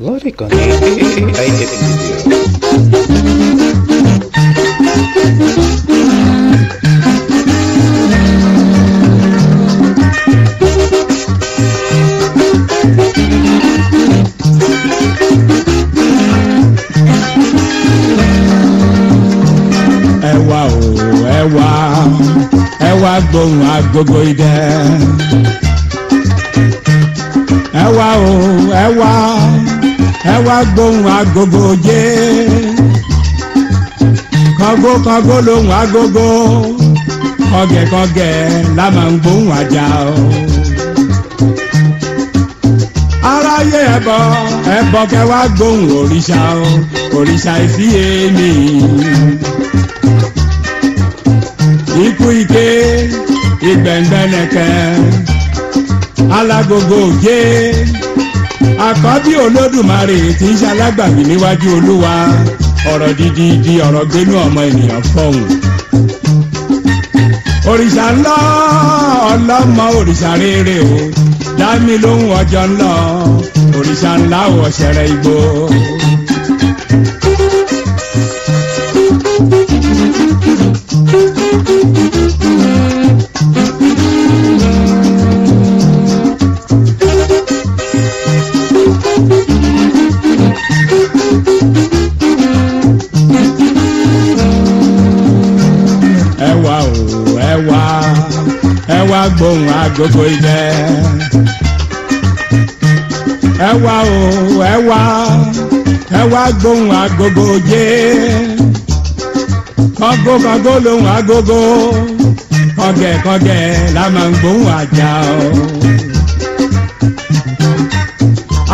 Lorikon, ahí Ẹwà o, ẹwà, ẹwà gbóhùn agogo idẹ. ẹ wá gbóhùn agogo jẹ́ kọ́gó kọ́gó lóhùn agogo kọ́gẹ̀kọ́gẹ̀ la máa ń gbóhùn àjà o. aráyé ẹbọ ẹbọ kẹ wá gbóhùn òrìṣà o òrìṣà ìsíye mi. ikú ike ìgbẹ̀ngbẹ̀nẹ̀kẹ́ alágogo jẹ́ àkọ́bí olódùmarè tí ń ṣalágbàbí níwájú olúwa ọ̀rọ̀ dídí di ọ̀rọ̀ gbénú ọmọ ènìyàn fọ̀hún. òrìṣà ńlá ọlọ́mọ òrìṣà rere o dá mi lóhùn ọjọ́ ńlá òrìṣà ńlá ọ̀ṣẹ̀rẹ̀ igbó. gbóhùn agogo idẹ. ẹ wá o ẹ wá ẹ wá gbóhùn agogo yé kọ́gókọ́gó lòun agogo kọ́gẹ̀kọ́gẹ̀ la máa ń gbóhùn àjà o.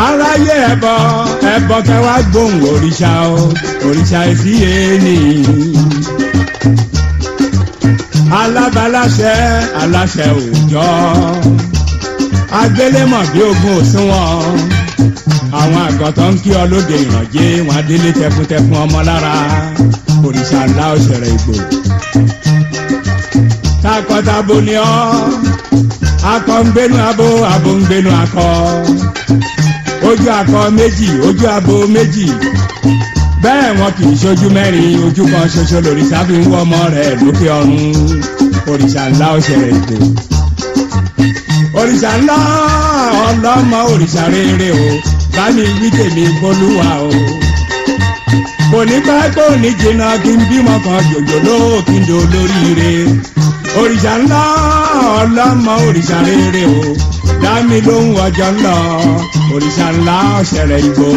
aráyé ẹbọ ẹbọ kẹwàá gbóhùn òrìṣà o òrìṣà èsì yé nìyí alábàláṣẹ aláṣẹ òòjọ́ agbélémọ̀ bí ogun òsùnwọ̀n àwọn àgọ́tọ̀ ń kí ọ lóde ìrànjẹ́ wọn adélé tẹkuntẹkun ọmọ lára òrìṣà ńlá òṣèré ìgbò takọtabo ni ọ akọ ń gbénu abo abo ń gbénu akọ ojú akọ méjì ojú abo méjì bẹ́ẹ̀ wọn kì í ṣojú mẹ́rin ojú kan ṣoṣo lòrìṣà fi ń wọ́ ọmọ rẹ̀ lókè ọ̀run òrìṣà ńlá ọ̀ṣẹ̀rẹ̀ èdè òrìṣà ńlá ọlọ́mọ òrìṣà rere o bá mi wí tèmi bolúwa o kò ní bá kò ní jìnnà kí n bímọ kan jòjòló kí n do lóríire òrìṣà ńlá ọlọ́mọ òrìṣà rere o dá mi lóhùn ọjọ́ ńlọ òrìṣà ńlá ọ̀ṣẹ̀rẹ̀ ìgbò.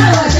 Power.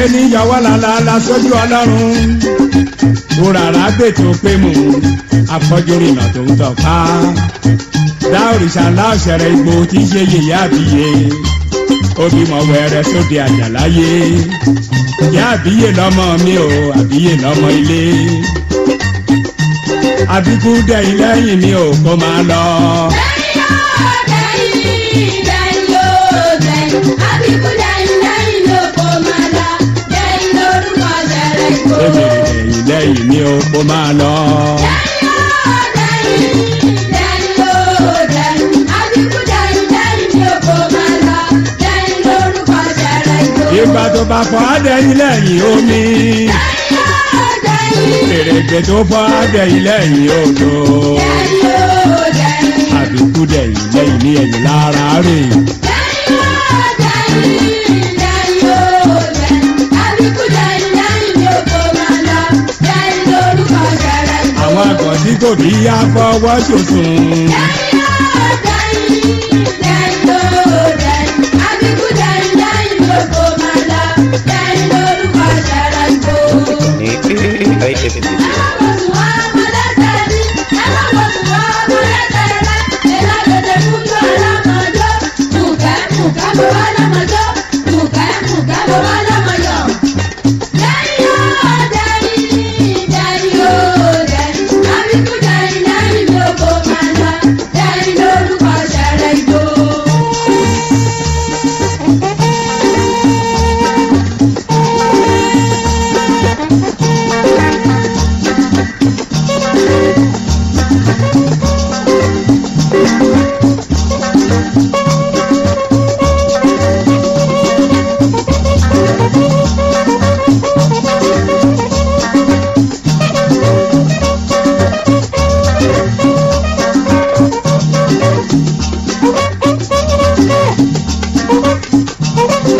gbé níyàwó làlàlà sójú ọlọ́run òràrà gbètò pé mò ń afọ́jú rìnà tó ń tọ́ka dá òrìṣà ńlá ọ̀sẹ̀rẹ̀ ipò tí í ṣe yèyé àbíyé obìmọ wẹrẹ sóde àjàláyé ìyá àbíyé lọ́mọ mi ò àbíyé lọ́mọ ilé àbíkú dẹ̀yìn lẹ́yìn mi ò kó máa lọ. dẹ́yìn lọ dẹ́yìn dẹ́yìn lọ dẹ́yìn àbíkú dẹ́yìn. lóde ẹ̀yìn lẹ́yìn ní o kó máa lọ. Ìgbà tó bá fọ́ adẹ́yìn lẹ́yìn omi. Èrègbè tó fọ́ adẹ́yìn lẹ́yìn odò. Àbíkú dẹ̀yìn lẹ́yìn ní ẹ̀yìn lára rè. àwọn àgọ̀dí kò bí apá wá ṣòṣùn. Thank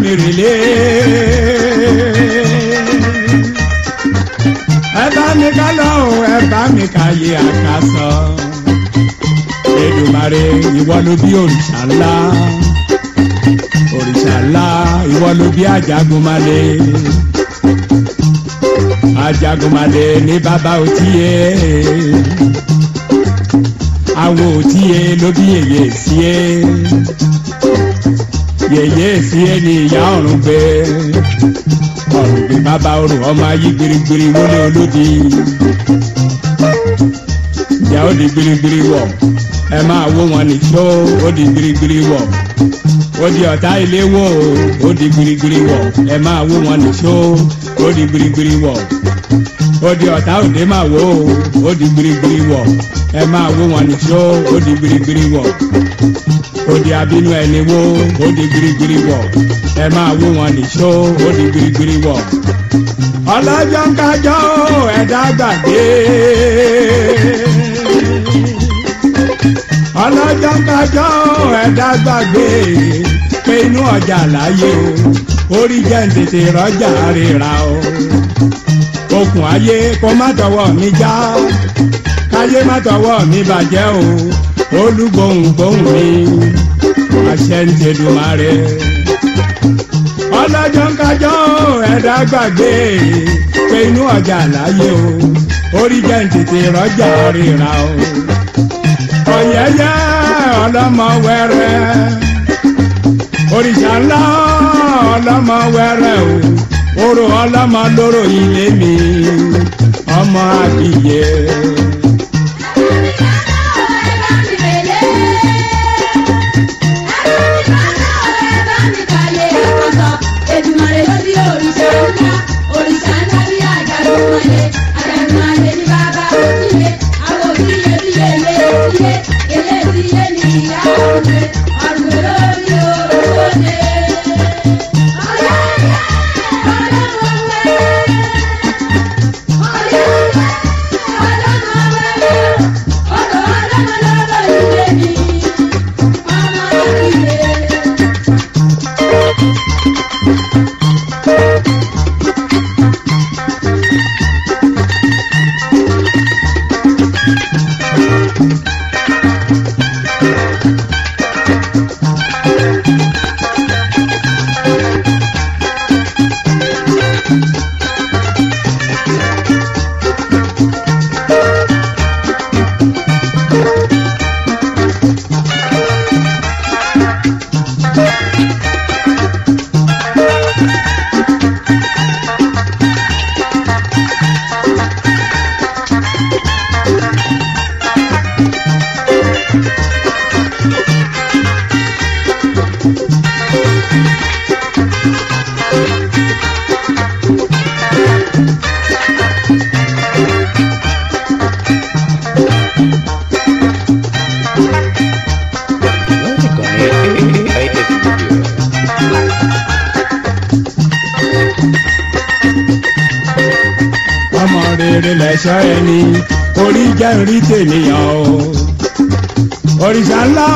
mi rìlé. ẹ mi ká lọ́hùn ẹ bá mi ká yé àkàsọ. Èdùmàrè ìwọ ló bí òrìṣà ńlá òrìṣà ńlá ìwọ ló bí Àjàgùnmálẹ̀ Àjàgùnmálẹ̀ ní bàbá òtíye àwọn òtíye ló bí èyí sí ẹ yẹ̀yẹ́ sí ẹni ìyá ọ̀run bẹ ọ̀run gbé bàbá ọ̀run ọmọ ayé gbirigbiri wọlé olódi ìyá ó di gbirigbiri wọ̀ ẹ máa wó wọn nìjó ó di gbirigbiri wọ̀ ó di ọ̀tá ilé wò ó di gbirigbiri wọ̀ ẹ máa wó wọn nìjó ó di gbirigbiri wọ̀ ó di ọ̀tá òde máa wò ó di gbirigbiri wọ̀ ẹ máa wo wọn nìjó ó di gbirigbiri wọ̀ òde abínú ẹni wo ó di gbirigbiri wọ̀ ẹ máa wo wọn nìjó ó di gbirigbiri wọ̀ ọlọ́jọ́ ń kájọ́ ẹ̀dá gbàgbé ọlọ́jọ́ ń kájọ́ ẹ̀dá gbàgbé pé inú ọjà láyé o orí jẹ́ ń tètè rọ́jà rírà o okùn ayé kó má dọwọ́ mi já ayé má tọwọ́ mi bàjẹ́ o olúgbohùngbohùn mi àṣẹ ń tẹ̀dùmarè ọlọ́jọ́ ń kájọ́ ẹ̀dá gbàgbé pé inú ọjà láyé o orí jẹ́ ń tètè rọ́jà ríra o ọ̀yẹ́yẹ́ ọlọ́mọ wẹ́rẹ́ òrìṣà ńlá ọlọ́mọ wẹ́rẹ́ o orò ọlọ́mọ lóró ilé mi ọmọ àbíyẹ. ìṣọ́ ẹni orí jẹ́ orí tènìyàn o òrìṣà ńlá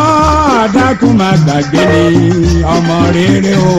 dákun má gbàgbé ni ọmọ rere o.